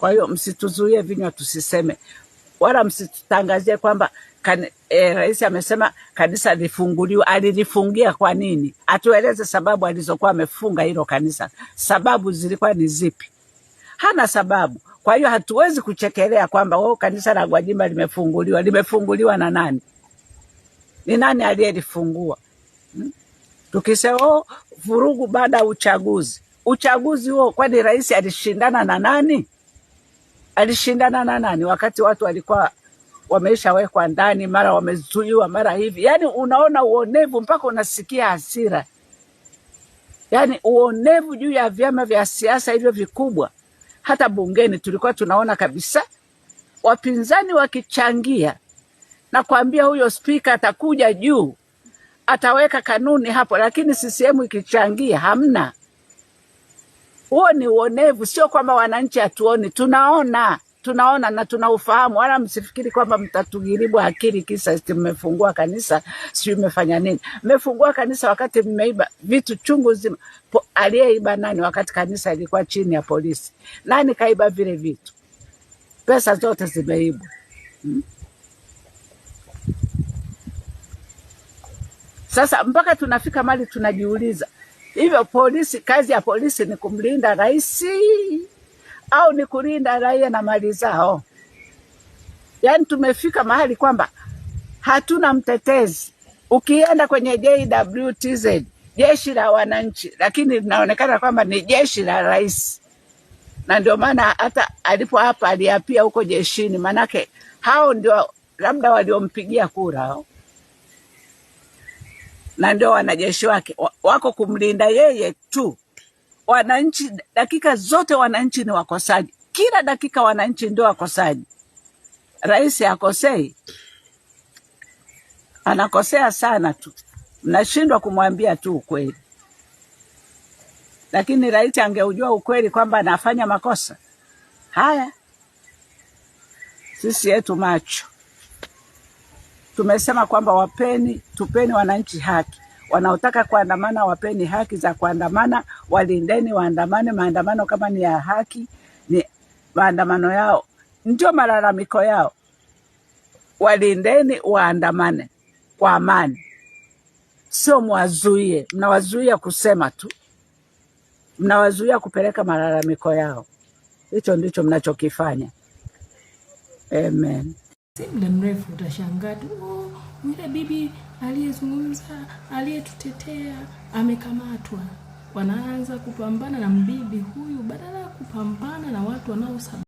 Kwa hiyo msituzuie vinywa tusiseme, wala msitutangazie kwamba e, rais amesema kanisa lifunguliwe. Alilifungia kwa nini? Atueleze sababu alizokuwa amefunga hilo kanisa, sababu zilikuwa ni zipi? Hana sababu. Kwa hiyo hatuwezi kuchekelea kwamba oh, kanisa la Gwajima limefunguliwa. Limefunguliwa na nani? Ni nani aliyelifungua? hmm? Tukisema oh, vurugu baada ya uchaguzi, uchaguzi huo, kwani rais alishindana na nani? alishindana na nani wakati watu walikuwa wameshawekwa ndani, mara wamezuiwa, mara hivi. Yani unaona uonevu mpaka unasikia hasira, yani uonevu juu ya vyama vya siasa hivyo vikubwa. Hata bungeni tulikuwa tunaona kabisa wapinzani wakichangia na kuambia huyo spika atakuja juu ataweka kanuni hapo, lakini CCM ikichangia hamna. Huo ni uonevu, sio kwamba wananchi hatuoni, tunaona tunaona na tunaufahamu, wala msifikiri kwamba mtatugiribu akili kisa eti mmefungua kanisa, sijui mmefanya nini. Mmefungua kanisa wakati mmeiba vitu chungu zima. Aliyeiba nani wakati kanisa ilikuwa chini ya polisi? Nani kaiba vile vitu? Pesa zote zimeibwa. Hmm. Sasa mpaka tunafika mali tunajiuliza Hivyo polisi, kazi ya polisi ni kumlinda rais au ni kulinda raia na mali zao? Yaani tumefika mahali kwamba hatuna mtetezi. Ukienda kwenye JWTZ, jeshi la wananchi, lakini linaonekana kwamba ni jeshi la rais, na ndio maana hata alipo hapa aliapia huko jeshini, manake hao ndio labda waliompigia kura hao na ndio wanajeshi wake wako kumlinda yeye tu. Wananchi dakika zote, wananchi ni wakosaji, kila dakika wananchi ndio wakosaji. Rais akosei, anakosea sana tu, mnashindwa kumwambia tu ukweli. Lakini rais angeujua ukweli kwamba anafanya makosa haya. Sisi yetu macho tumesema kwamba wapeni, tupeni wananchi haki. Wanaotaka kuandamana wapeni haki za kuandamana, walindeni waandamane. Maandamano kama ni ya haki, ni maandamano yao, ndio malalamiko yao. Walindeni waandamane kwa amani, sio mwazuie. Mnawazuia kusema tu, mnawazuia kupeleka malalamiko yao. Hicho ndicho mnachokifanya. Amen si muda mrefu utashangaa tu oh, yule bibi aliyezungumza aliyetutetea amekamatwa. Wanaanza kupambana na mbibi huyu badala ya kupambana na watu wanaosa